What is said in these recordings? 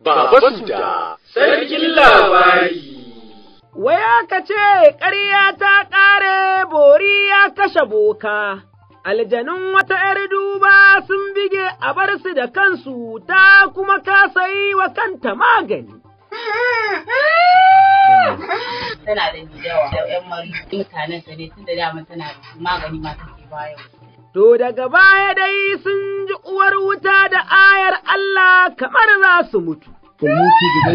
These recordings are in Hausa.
Baba Suda, sarkin labari. Waya ka ce, ƙarya ta ƙare, bori ya kashe boka, aljanun wata ‘yar duba sun bige a bar su da kansu ta kuma kasa yi wa kanta magani. Tana da yawa, ‘yan mari, mutanen ne tun da dama tana magani ma ke bayan. to daga baya dai sun ji uwar wuta da ayar Allah kamar za su mutu. Mutu da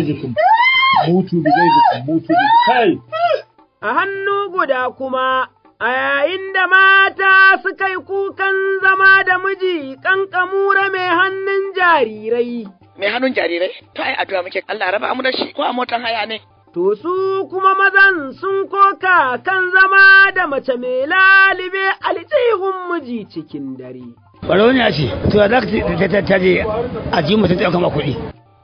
mutu da mutu da kai. A hannu guda kuma, a yayin da mata suka yi kukan zama da miji ƙanƙamura mai hannun jarirai. Mai hannun jarirai? Ta yi addu'a muke Allah raba mu da shi ko a motan haya ne. to su kuma mazan sun koka kan zama da mace mai lalibe aljihun miji cikin dare. Barauniya ce, to za ka ta je a ji mutum ɗauka kuɗi.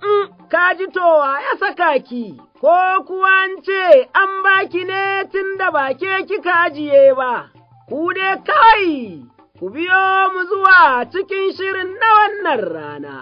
Mm, ka ji towa ya saka ki, ko kuwa an ce an baki ne tun da ba ke kika ajiye ba, ku dai kawai ku biyo mu zuwa cikin shirin na wannan rana.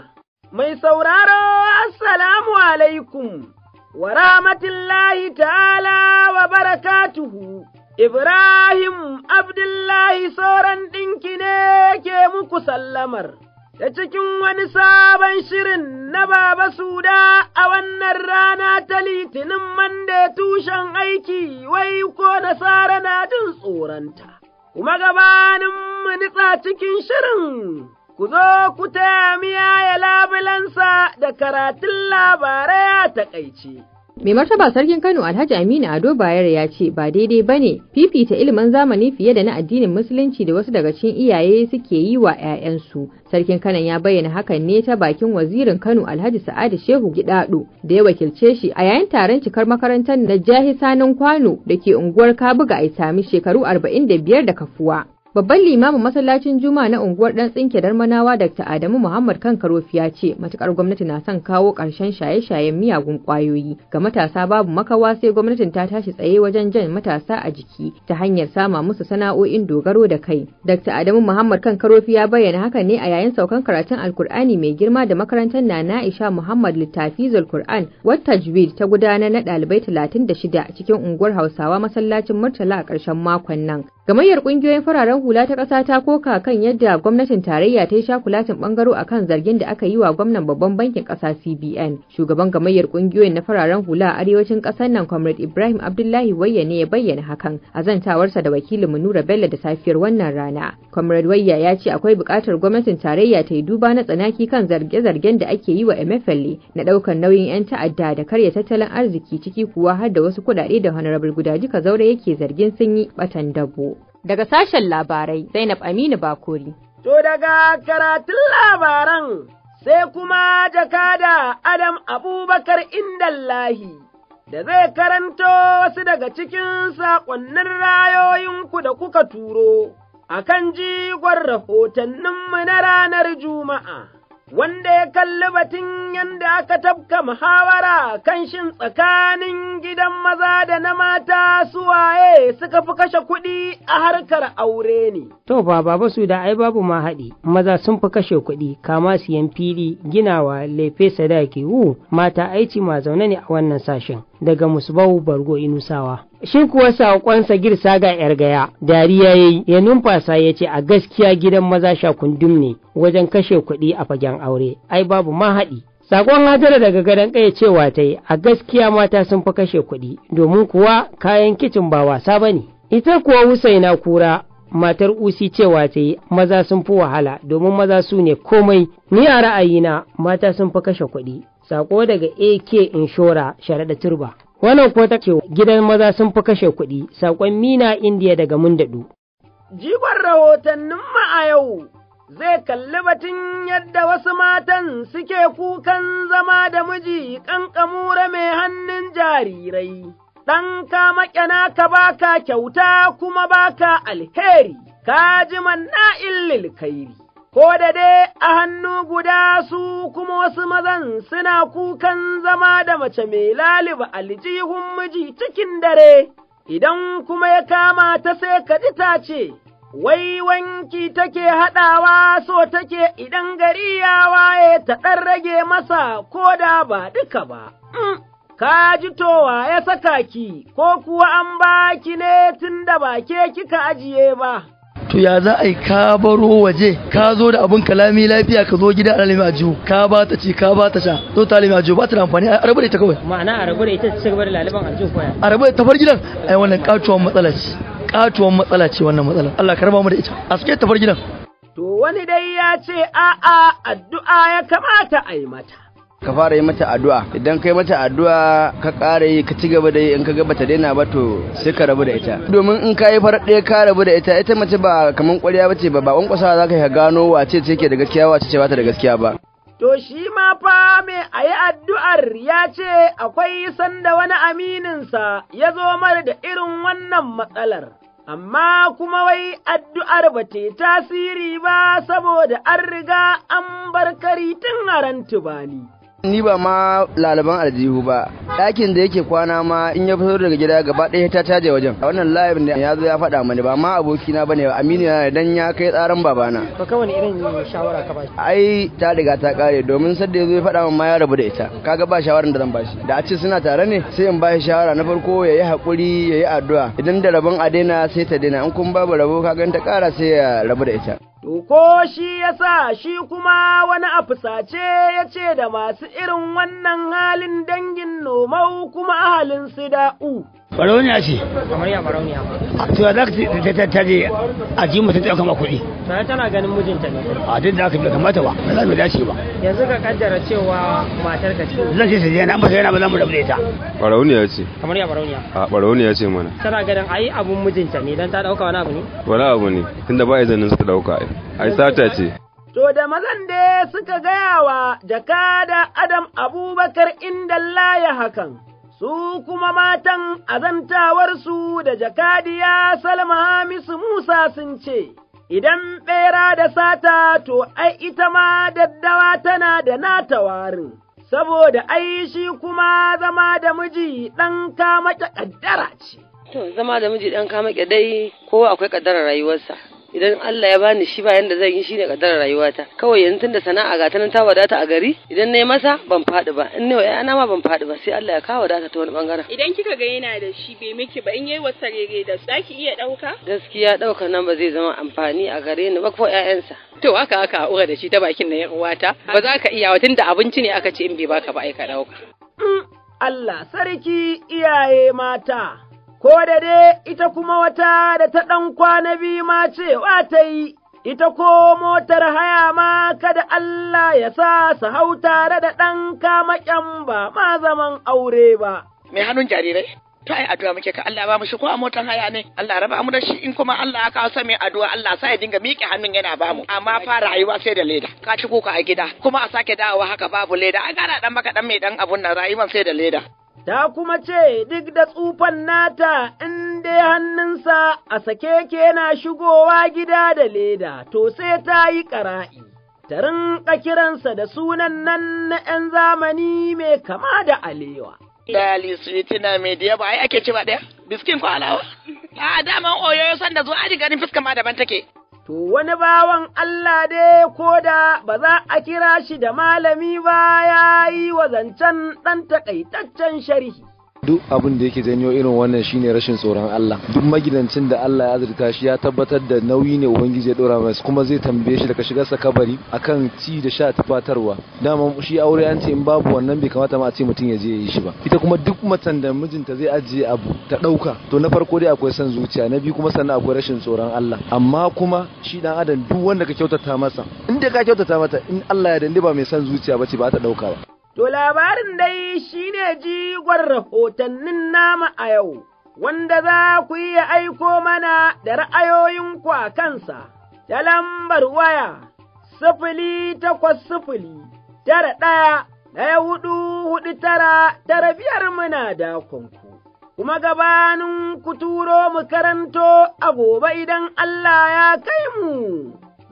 Mai sauraro, Assalamu alaikum. wa rahmatullahi ta'ala wa barakatuhu Ibrahim Abdullahi sauran ɗinki ne ke muku sallamar, da cikin wani sabon shirin na Baba Suda a wannan rana ta Litinin Mande tushen aiki wai ko nasara na jin tsoronta, kuma gabanin mu nitsa cikin shirin. ku zo ku taya miya ya labulansa da karatun labarai a takaice. Mai martaba sarkin Kano Alhaji Aminu Ado Bayar ya ce ba daidai ba ne fifita ilimin zamani fiye da na addinin Musulunci da wasu daga cikin iyaye suke yi wa 'ya'yansu. Sarkin Kano ya bayyana hakan ne ta bakin wazirin Kano Alhaji Sa'adu Shehu Gidado da ya wakilce shi a yayin taron cikar makarantar da Jahi Sanin Kwano da ke unguwar Kabuga a sami shekaru arba'in da biyar da kafuwa. Babban limamin masallacin Juma na unguwar ɗan tsinke manawa Dr. Adamu Muhammad kan-karofi ya ce matukar gwamnati na son kawo ƙarshen shaye-shayen miyagun ƙwayoyi ga matasa babu makawa sai gwamnatin ta tashi tsaye wajen jan matasa a jiki ta hanyar sama musu sana'o'in dogaro da kai. Dr. Adamu Muhammad Kankarofi ya bayyana haka ne a yayin saukan karatun Alkur'ani mai girma da makarantar Nana Aisha Muhammad Littafizul Qur'an wata tajwid ta gudanar na ɗalibai 36 cikin unguwar Hausawa masallacin Murtala a ƙarshen makon nan. Gamayyar kungiyoyin fararen hula ta ƙasa ta koka kan yadda gwamnatin tarayya ta yi shakulatin bangaro a kan zargin da aka yi wa gwamnan babban bankin ƙasa CBN. Shugaban gamayyar kungiyoyin na fararen hula a arewacin ƙasar nan Comrade Ibrahim Abdullahi Wayya ne ya bayyana hakan a zantawarsa da wakilin Munura Bello da safiyar wannan rana. Comrade Wayya ya ce akwai buƙatar gwamnatin tarayya ta yi duba na tsanaki kan zarge-zargen da ake yi wa mfl e na ɗaukar nauyin 'yan ta'adda da karya tattalin arziki ciki kuwa har da wasu kuɗaɗe da Honorable Gudaji Kazaure yake zargin sun yi ɓatan dabo. Daga sashen labarai Zainab Aminu Bakori. To daga karatun labaran sai kuma jakada Adam Abubakar Indallahi da zai karanto wasu daga cikin saƙonnin rayoyinku da kuka turo a kan jigon rahotanninmu na ranar Juma'a. wanda ya kalli batun yadda aka tafka muhawara kan shin tsakanin gidan maza da na mata suwaye suka fi kashe kuɗi a harkar aure ne. To ba su da ai babu ma haɗi, maza sun fi kashe kuɗi kama siyan fili ginawa lefe sadaki wu mata aici ma zaune ne a wannan sashen. daga musbau bargo inusawa shi kuwa saƙonsa girsa ga yar gaya dariya ya ya numfasa ya ce a gaskiya gidan maza sha kundum ne wajen kashe kuɗi a fagen aure ai babu ma haɗi Saƙon Hajara daga gadon ƙaya cewa ta yi a gaskiya mata sun fi kashe kuɗi domin kuwa kayan kicin ba wasa ba ne. Ita kuwa Husaina Kura matar usi cewa ta yi maza sun fi wahala domin maza su ne komai ni a ra'ayina mata sun fi kashe kuɗi sako daga ak inshora sharaɗa turba wannan ko ta ce gidan maza sun fi kashe kuɗi sakon mina indiya daga mundaɗu jigon rahotannin ma'ayau a yau zai kalli batun yadda wasu matan suke kukan zama da miji ƙanƙamura mai hannun jarirai ɗan ka maƙyana ka baka kyauta kuma baka alheri, ka ji manna'in lilkairi. Ko da dai a hannu guda su kuma wasu mazan suna kukan zama da mace mai laliba aljihun miji cikin dare, idan kuma ya kama ta sai ka ji ta ce, Wai wanki take haɗawa so take idan gari ya waye ta ɗan rage masa ko da ba duka ba. Mm. ka ji towa ya saka ki, ko kuwa an ba ki ne tun da ba ke kika ajiye ba. To ya za a yi ka baro waje, ka zo da abin kalami lafiya ka zo gida a a jiho, ka ba ta ci, ka ba ta sha, zo ta lalima a ba ta da amfani, a rabu da ita kawai. Ma'ana a rabu da ita ta ci gaba da laliban a jihu koya. A rabu da tafar gidan, ai wannan katuwan matsala ce, katuwan matsala ce wannan matsala, Allah ka raba mu da ita, a suke tafar gidan. To wani dai ya ce a'a addu'a ya kamata a yi mata. ka fara yi mata addu'a idan kai mata addu'a ka ƙara yi ka ci gaba da yi in ka ga bata daina ba to sai ka rabu da ita domin in ka yi farar ɗaya ka rabu da ita ita mace ba kamar ƙwarya ba ce ba ba ƙwanƙwasa za ka gano wace ce ke da gaskiya wace ce bata da gaskiya ba To shi ma fa mai a addu'ar ya ce akwai sanda wani amininsa ya zo mara da irin wannan matsalar, amma kuma wai addu'ar ba ta tasiri ba saboda an riga an bar tun harantu ba ni ba ma lalaban aljihu ba ɗakin da yake kwana ma in ya fito daga gida gaba ɗaya ta caje wajen A wannan live da ya zo ya faɗa mani ba ma abokina bane amini na dan ya kai tsaron babana to kawai irin shawara ka bashi ai ta riga ta kare domin da ya zo ya faɗa min ma ya rabu da ita kaga ba shawaran da zan bashi da a ce suna tare ne sai in bashi shawara na farko ya yi haƙuri ya yi addu'a idan da rabon a daina sai ta daina in kun babu rabo kaga ta ƙara sai ya rabu da ita To, ko shi ya sa shi kuma wani a fusace ya ce da masu irin wannan halin dangin nomau kuma ahalin sida'u. barauniya ce amarya barauniya to ya za ka ta taje a ji mutum ta kama kuɗi to ya tana ganin mijinta ne a duk da aka bi kamata ba ba za mu dace ba yanzu ka kaddara cewa matar ka ce zan ce sai yana amma sai yana ba za mu rabu da ita barauniya ce amarya barauniya a barauniya ce mana tana ganin ai abun mijinta ne dan ta dauka wani abu ne wani abu ne tunda ba izinin su ta dauka ai ai sata ce To da mazan da suka gaya wa jakada Adam Abubakar inda ya hakan. su kuma matan azantawarsu da jakadiya Salma Hamisu Musa sun ce, Idan ɓera da sata to ai ita ma daddawa tana da nata warin, saboda ai shi kuma zama da miji ɗan kama ƙaddara ce. zama da miji ɗan kama dai kowa akwai ƙaddarar rayuwarsa. idan Allah ya bani shi ba yanda zan yi shine kadar rayuwata kawai yanzu tunda sana'a ga nan ta wadata a gari idan nayi masa ban faɗi ba in ne wa yana ma ban faɗi ba sai Allah ya kawo wadata ta wani bangaren idan kika ga yana da shi bai miki ba in yayi wata rere da zaki iya dauka gaskiya dauka nan ba zai zama amfani a gare ni ba ko ƴaƴansa to haka haka haƙura da shi ta bakin na uwata ba za ka iya wa tunda abinci ne aka ce in bai baka ba ai ka dauka hmm, Allah sarki iyaye mata ko da dai ita kuma wata da ta ɗan kwana biyu ma cewa ta yi, ita ko motar haya ma kada Allah ya sa su hau tare da ɗan ƙyan ba ma zaman aure ba. Mai hannun jarirai? To ai addu'a muke ka Allah ba mu shi ko a motar haya ne Allah raba mu da shi in kuma Allah ya kawo mai addu'a Allah sa ya dinga miƙe hannun yana ba mu amma fa rayuwa sai da leda ka ci kuka a gida kuma a sake dawowa haka babu leda a gara dan maka dan mai dan abun nan rayuwan sai da leda ta kuma ce duk da tsufan nata in dai hannunsa a sake na shigowa gida da leda to sai ta yi ƙara'i, ta rinƙa kiransa da sunan nan na ‘yan zamani mai kama da alewa. Dali sweetina mai da yaba, ai ake ce ba ɗaya, biskin ko alawa? A daman oyoyo sanda zuwa aji ganin fuska ma daban take. To, wani bawan Allah dai ko da ba za a kira shi da malami ba ya yi wa zancen ɗan taƙaitaccen sharhi. duk abin da yake janyo irin wannan shine rashin tsoron Allah duk magidancin da Allah ya azurta shi ya tabbatar da nauyi ne ubangiji ya dora masa kuma zai tambaye shi daga sa kabari akan ci da sha tufatarwa dama shi aure an ce in babu wannan bai kamata ma a ce mutum ya je yi shi ba ita kuma duk matan da mijinta zai ajiye abu ta dauka to na farko dai akwai son zuciya na biyu kuma sannan akwai rashin tsoron Allah amma kuma shi dan adam duk wanda ka kyautata masa in da ka kyautata mata in Allah ya dande ba mai son zuciya ba ce ba ta dauka ba To labarin dai shi ne jigon rahotannin nama a yau, wanda za ku iya aiko mana da ra'ayoyinku a kansa, ta lambar waya, sifili takwas sifili, tara ɗaya, ɗaya hudu hudu tara, tara biyar muna dakonku. Kuma gabanin ku turo mu karanto a gobe idan Allah ya kai mu.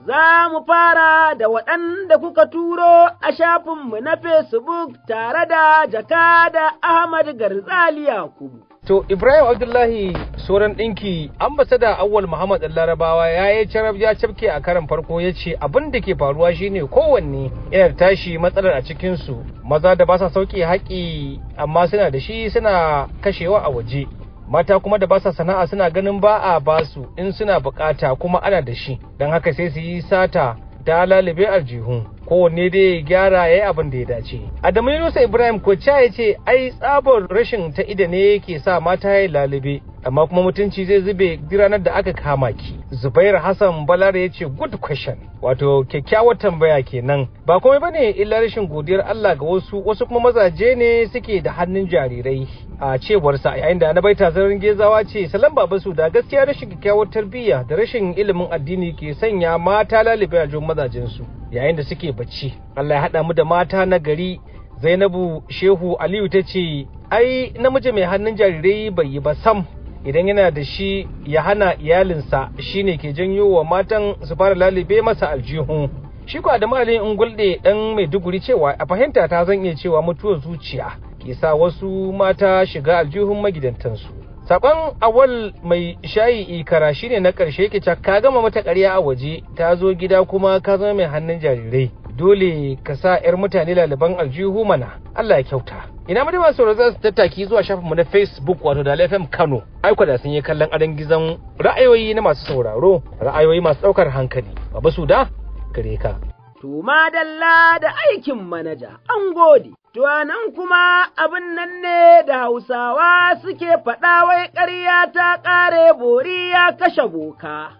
za mu fara da waɗanda kuka turo a shafinmu na Facebook tare da jakada Ahmad Garzali Yakubu. To Ibrahim Abdullahi sauran ɗinki ambasada Awwal Muhammad Larabawa ya yi carab ya cafke a karan farko ya ce abin da ke faruwa shine kowanne yana tashi matsalar a cikinsu maza da ba sa sauƙi haƙi amma suna da shi suna kashewa a waje mata kuma da basa sana'a suna ganin ba a basu in suna bukata kuma ana da shi don haka sai su yi sata da lalube aljihu kowanne dai gyara ya yi abin da ya dace adamu Yusuf, ibrahim ko ya ce ai tsabar rashin ta ida ne yake sa mata ya yi lalube amma kuma mutunci zai zube ranar da aka kama ki zubair hassan balare ya ce good question wato kyakkyawar tambaya kenan ba komai bane illa rashin godiyar allah ga wasu wasu kuma mazaje ne suke da hannun jarirai a cewarsa yayin da anabaita zarin gezawa ce salam su da gaskiya rashin kyakkyawar tarbiyya da rashin ilimin addini ke sanya mata lalibai a jin su, yayin da suke bacci Allah ya haɗa mu da mata na gari Zainabu Shehu Aliyu ta ce ai namiji mai hannun jarirai bai yi ba sam idan yana da shi ya hana iyalinsa shine ke janyo wa matan su fara lalibe masa aljihu shi ko Adamu Ali ungulde dan mai duguri cewa a fahimta ta zan iya cewa mutuwar zuciya ke sa wasu mata shiga aljihun magidantansu Sakon awal mai shayi ikara shi ne na ƙarshe ke ka gama mata ƙarya a waje ta zo gida kuma ka zama mai hannun jarirai dole ka sa 'yar mutane laliban aljihu mana Allah ya kyauta ina mu masu za su tattaki zuwa shafinmu na facebook wato da fm kano Ai da sun yi kallon adon gizon ra'ayoyi na masu sauraro ra'ayoyi masu ɗaukar hankali babu su da gare ka to dalla da aikin manaja, an gode. Tuwanan kuma abin nan ne da Hausawa suke faɗa wai ƙarya ta ƙare bori ya kashe boka.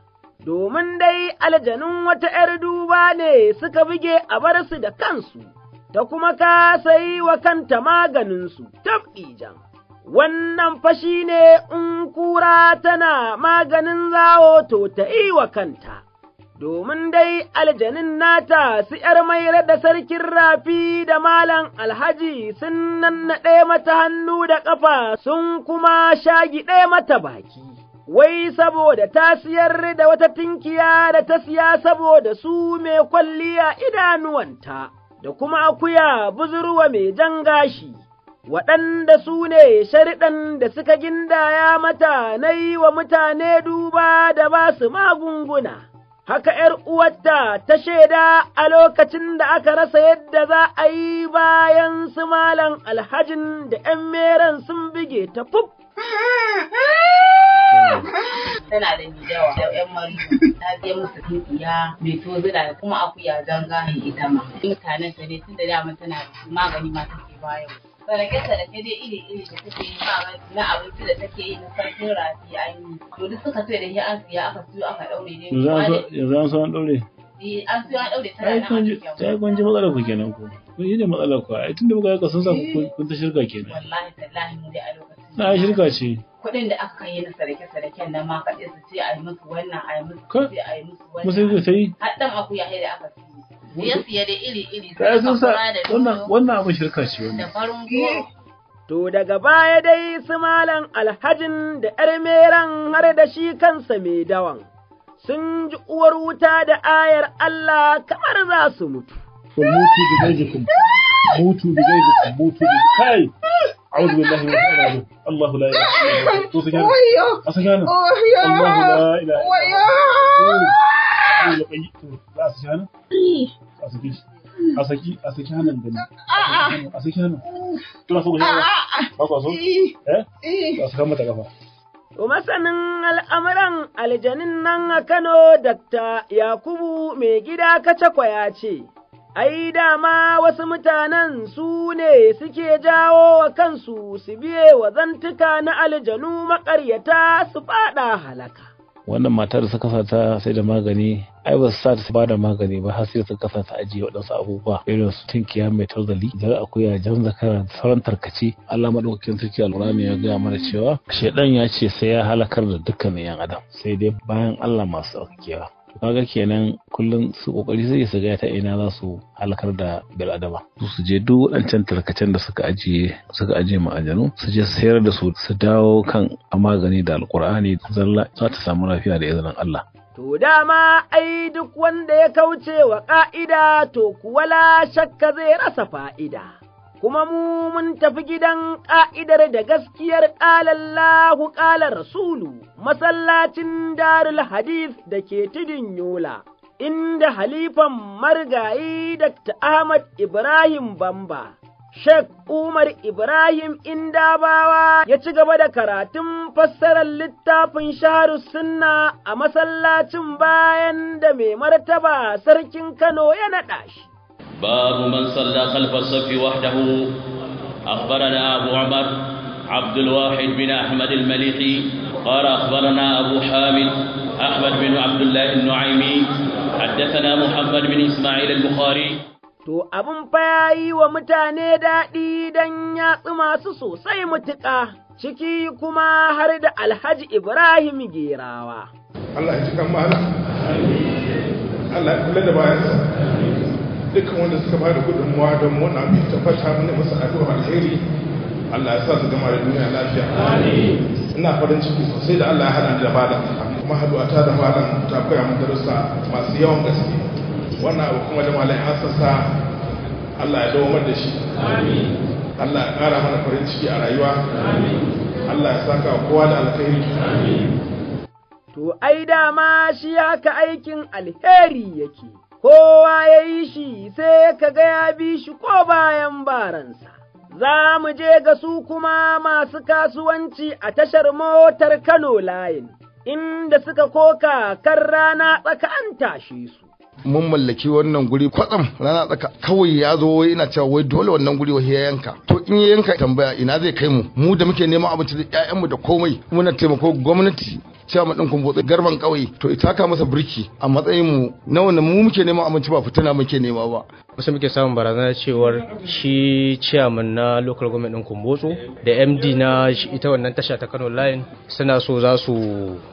Domin dai aljanun wata ‘yar duba ne suka buge a bar su da kansu, ta kuma ka yi wa kanta maganinsu, tafi jan. Wannan fashi ne in kura tana maganin zawo to ta yi wa kanta. domin dai aljanin nata su ’yar maira da sarkin rafi da malam alhaji sun ɗaya mata hannu da ƙafa sun kuma shagi ɗaya mata baki. Wai saboda ta siyar da wata tinkiya da ta siya saboda su mai kwalliya idanuwanta, da kuma akuya buzurwa mai jan gashi, waɗanda su ne shariɗan da suka gindaya mata na yi wa mutane duba da ba su magunguna. haka ’yar uwarta ta shaida a lokacin da aka rasa yadda za a yi bayan su malam alhajin da ’yan meran sun bige ta fuf. Tana da yawa da ƴan mari ta je musu dukiya mai tozula kuma akuya don gane ita ma. Mutanen ta ne tun da dama tana magani ma take bayan. tsarake-tsarake dai iri-iri da take yi na abinci da take yi na sarkin rafi an yi to duk suka sai da shi an siya aka siyo aka daure ne yanzu an so an daure eh, an siyo an daure tana na ta yi kwanci matsalar ku kenan ku kun yi ne matsalar ku ai tunda muka yi kasan sa eh. kun ta shirka kenan wallahi tallahi mu dai a lokacin na shirka ce kuɗin da aka yi na sarake-saraken nan ma su ce a yi musu wannan a yi musu a yi musu wannan. Musu yi ku akuya da aka siyo. siye da iri-iri wannan abin eh. To daga baya dai su malam alhajin da ‘yar meran har da shi kansa mai dawan, sun ji uwar wuta da ayar Allah kamar za su mutu. Mutu bi zai jikin, mutu bi zai jikin, mutu bi kai, أعوذ بالله من الشيطان الله لا إله إلا هو توسجن الله لا إله إلا هو لا أسجن a saki shi da ni kina so ku ba ku so eh, eh? eh. a saka mata kafa masanin al'amuran aljanin nan a Kano Dr. Yakubu mai gida kacakwa ya ce, Ai, dama wasu mutanen su ne suke jawo wa kansu su biye wa zantuka na aljanu maƙaryata su faɗa halaka. wannan matar da suka sata sai da magani ai ba su sa ba da magani ba har sai suka sa ta ajiye waɗansu abubuwa irin su tinkiya mai tarzali jar akuya jan zakara da sauran tarkace Allah madaukakin sarki alƙur'ani ya gaya mana cewa shedan ya ce sai ya halakar da dukkanin yan adam sai dai bayan Allah masu tsarkakewa kaga kenan kullum su kokari sai su ga ta ina za su halakar da bil adama su su je duk waɗancan tarkacen da suka ajiye suka ajiye ma'ajanu su je sayar da su su dawo kan magani da alkur'ani zalla za ta samu lafiya da izinin Allah To dama ai duk wanda ya kauce wa ƙa'ida to kuwa la shakka zai rasa fa'ida. kuma mu mun tafi gidan ƙa'idar da gaskiyar ƙalallahu ƙalar rasulu masallacin darul hadith da ke tudun yola, inda halifan margayi Dr. Ahmad Ibrahim Bamba. Shek Umar Ibrahim Indabawa ya ci gaba da karatun fassarar littafin shaharu sunna a masallacin bayan da mai martaba sarkin Kano ya naɗa shi. باب من صلى خلف الصف وحده أخبرنا أبو عمر عبد الواحد بن أحمد المليقي قال أخبرنا أبو حامد أحمد بن عبد الله النعيمي حدثنا محمد بن إسماعيل البخاري To abin fa ya yi wa mutane daɗi don ya masu sosai mutuƙa ciki kuma har da alhaji Ibrahim Gerawa. dukkan wanda suka ba da gudunmuwa don wani abin tabbata muna masu addu'a alheri Allah ya sa su gama da duniya lafiya ina farin ciki sosai da Allah ya hada da bada kuma haduwa ta da bada ta koya mu darussa masu yawan gaske wannan abu kuma da malai an sassa Allah ya dawo da shi Allah ya kara mana farin ciki a rayuwa Allah ya saka kowa da alkhairi to ai dama shi haka aikin alheri yake kowa ya yi shi sai ka ga ya bi shi ko bayan baransa. Za mu je ga su kuma masu kasuwanci a tashar motar Kano layin, inda suka koka kan rana tsaka an su. mun mallaki wannan guri kwatsam rana tsaka kawai ya zo wai ina cewa wai dole wannan guri wa ya yanka to in ya yanka tambaya ina zai kai mu mu da muke neman abinci da ya'yanmu da komai muna taimako gwamnati cewa ɗin kun Botsi, garban Kauye, to ita ka masa birki a matsayin mu na wannan mu muke nema aminci ba fitina muke nema ba wasu muke samun barazana cewar shi ciyaman na local government ɗin kumbotso da md na ita wannan tasha ta kano line suna so za su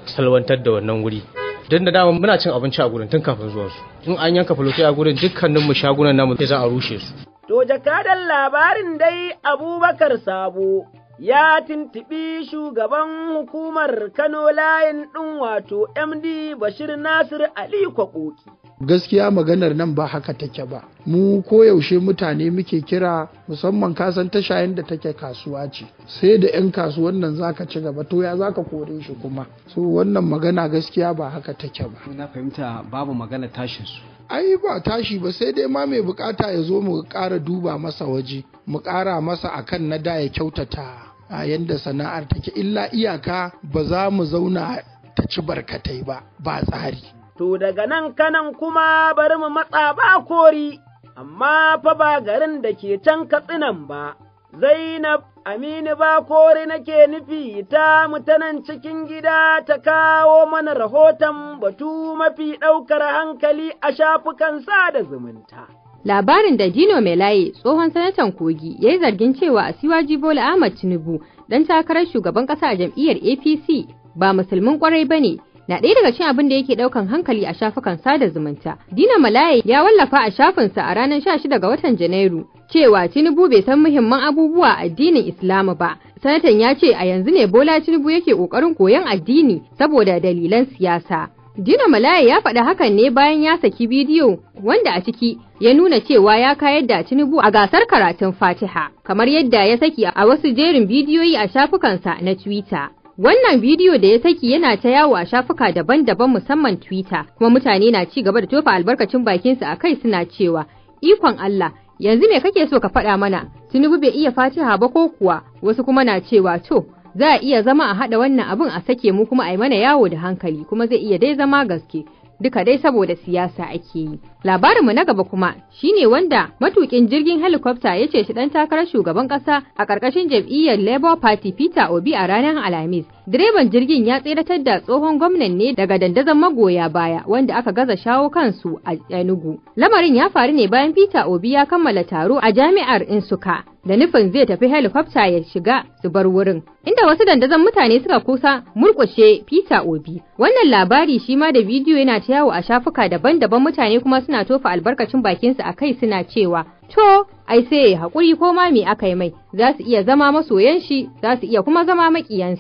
salwantar da wannan wuri don da dama muna cin abinci a gurin tun kafin zuwa su in an yanka fulotai a gurin dukkaninmu shagunan namu sai za a rushe su to jakadan labarin dai abubakar sabo ya tintiɓi shugaban hukumar Kano layin ɗin wato MD Bashir Nasir Ali Kwakoki. Gaskiya maganar nan ba haka take ba, mu koyaushe mutane muke kira musamman kasan tasha yadda take kasuwa ce, sai da 'yan kasuwan nan zaka ci gaba to ya zaka kore shi kuma. So wannan magana gaskiya ba haka take ba. Na fahimta babu magana tashin su. ai ba tashi ba sai dai ma mai bukata ya zo mu ƙara duba masa waje mu ƙara masa akan na da ya kyautata a yadda sana'ar take illa iyaka ba za mu zauna ta ci barkatai ba ba tsari to daga nan kanan kuma bari mu matsa ba kori amma fa ba garin da ke can katsinan ba zainab Aminu ba kore nake nufi ta mutanen cikin gida ta kawo mana rahoton batu mafi ɗaukar hankali a shafukan sada zumunta. Labarin da Dino Melaye tsohon sanatan Kogi ya yi zargin cewa a Siwaji Bola Ahmad Tinubu dan takarar shugaban ƙasa a jam'iyyar APC ba musulmin kwarai ba ne na ɗaya daga cikin abin da yake ɗaukan hankali a shafukan sada zumunta. Dina Malaye ya wallafa a shafinsa a ranar 16 ga watan Janairu cewa Tinubu bai san muhimman abubuwa a addinin Islamu ba. Sanatan ya ce a yanzu ne Bola Tinubu yake ƙoƙarin koyon addini saboda dalilan siyasa. Dina Malaye ya faɗi hakan ne bayan ya saki bidiyo wanda a ciki ya nuna cewa ya kayar da Tinubu a gasar karatun Fatiha, kamar yadda ya saki a wasu jerin bidiyoyi a shafukansa na Twitter. Wannan bidiyo da ya saki yana ta yawo a shafuka daban-daban musamman Twitter, kuma mutane na ci gaba da tofa albarkacin bakinsu a kai suna cewa, ikon Allah, yanzu me kake so ka faɗa mana, Tinubu bai iya fatiha ba ko kuwa, wasu kuma na cewa to, za a iya zama a haɗa wannan abin a sake mu kuma a yi mana yawo da hankali, kuma zai iya dai zama gaske. duka dai saboda siyasa ake yi. Labarinmu na gaba kuma shi ne wanda matukin jirgin helikwafta ya ce shi ɗan takarar shugaban ƙasa a ƙarƙashin jam'iyyar Labour Party Peter Obi a ranar Alhamis. Direban jirgin ya tseratar da tsohon gwamnan ne daga dandazon magoya baya wanda aka gaza shawo kansu a Enugu. Lamarin ya faru ne bayan Peter Obi ya kammala taro a jami'ar Insuka da nufin zai tafi helikwafta ya shiga su bar wurin inda wasu dandazon mutane suka kusa murkushe Peter Obi wannan labari shi ma da bidiyo yana ta yawo a shafuka daban-daban mutane kuma suna tofa albarkacin bakinsu a kai suna cewa to ai sai ya haƙuri ko ma me aka yi mai za su iya zama masoyanshi? shi za su iya kuma zama maƙiyan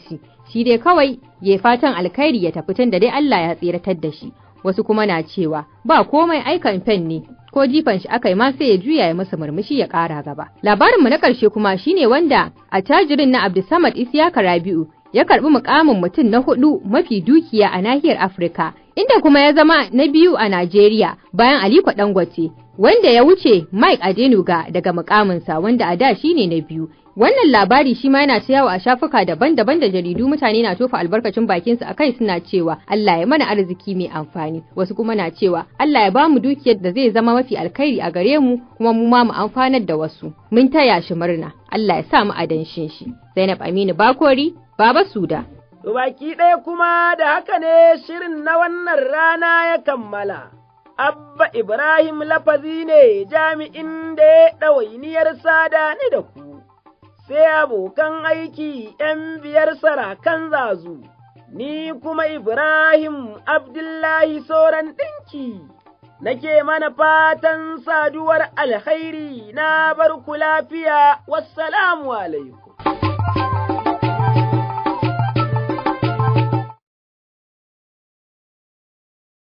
shi dai kawai ya fatan alkhairi ya tafi tun da dai Allah ya tseratar da shi wasu kuma na cewa ba komai ai kamfen ne ko jifan shi aka yi ma sai ya juya ya masa murmushi ya ƙara gaba labarin mu na ƙarshe kuma shine wanda a tajirin na Abdulsamad Isiyaka Rabi'u ya karɓi mukamin mutum na hudu mafi dukiya a nahiyar Afirka inda kuma ya zama na biyu a Najeriya bayan Aliko Dangote wanda ya wuce Mike Adenuga daga mukaminsa wanda a da shine na biyu wannan labari shi ma yana yawo a shafuka daban-daban da jaridu mutane na tofa albarkacin bakin su kai suna cewa Allah ya mana arziki mai amfani wasu kuma na cewa Allah ya bamu dukiyar da zai zama mafi alkhairi a gare mu kuma mu ma mu amfanar da wasu mun taya shi murna Allah ya sa mu adanshin shi Zainab Aminu Bakori Baba Suda Baki ɗaya kuma da haka ne shirin na wannan rana ya kammala. Abba Ibrahim lafazi ne jami'in da ya ɗawainiyar sada ni da ku. sai abokan aiki ’yan biyar sarakan zazu, ni kuma Ibrahim Abdullahi sauran ɗinki, nake mana fatan saduwar alkhairi na barku lafiya, wassalamu alaikum.